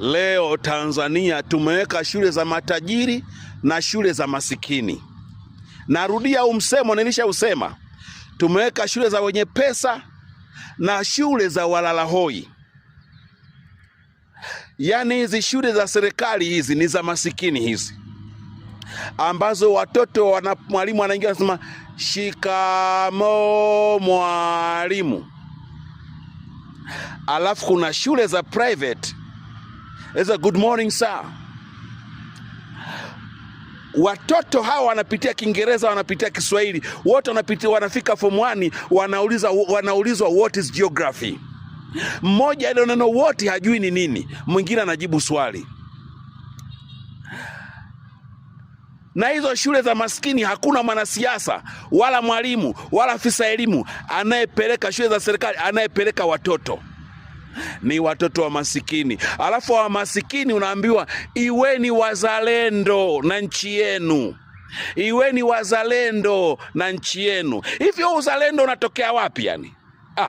Leo Tanzania tumeweka shule za matajiri na shule za masikini. Narudia huu msemo, nilishausema, tumeweka shule za wenye pesa na shule za walala hoi. Yaani hizi shule za serikali hizi ni za masikini hizi, ambazo watoto wana mwalimu anaingia anasema shikamo mwalimu, alafu kuna shule za private a good morning sir. Watoto hawa wanapitia Kiingereza, wanapitia Kiswahili, wote wanapitia, wanafika form 1 wanauliza, wanaulizwa what is geography. Mmoja ile neno wote hajui ni nini, mwingine anajibu swali. Na hizo shule za maskini hakuna mwanasiasa wala mwalimu wala afisa elimu anayepeleka shule za serikali anayepeleka watoto ni watoto wa masikini. Alafu wa masikini unaambiwa iweni wazalendo na nchi yenu, iweni wazalendo na nchi yenu. Hivyo uzalendo unatokea wapi yani?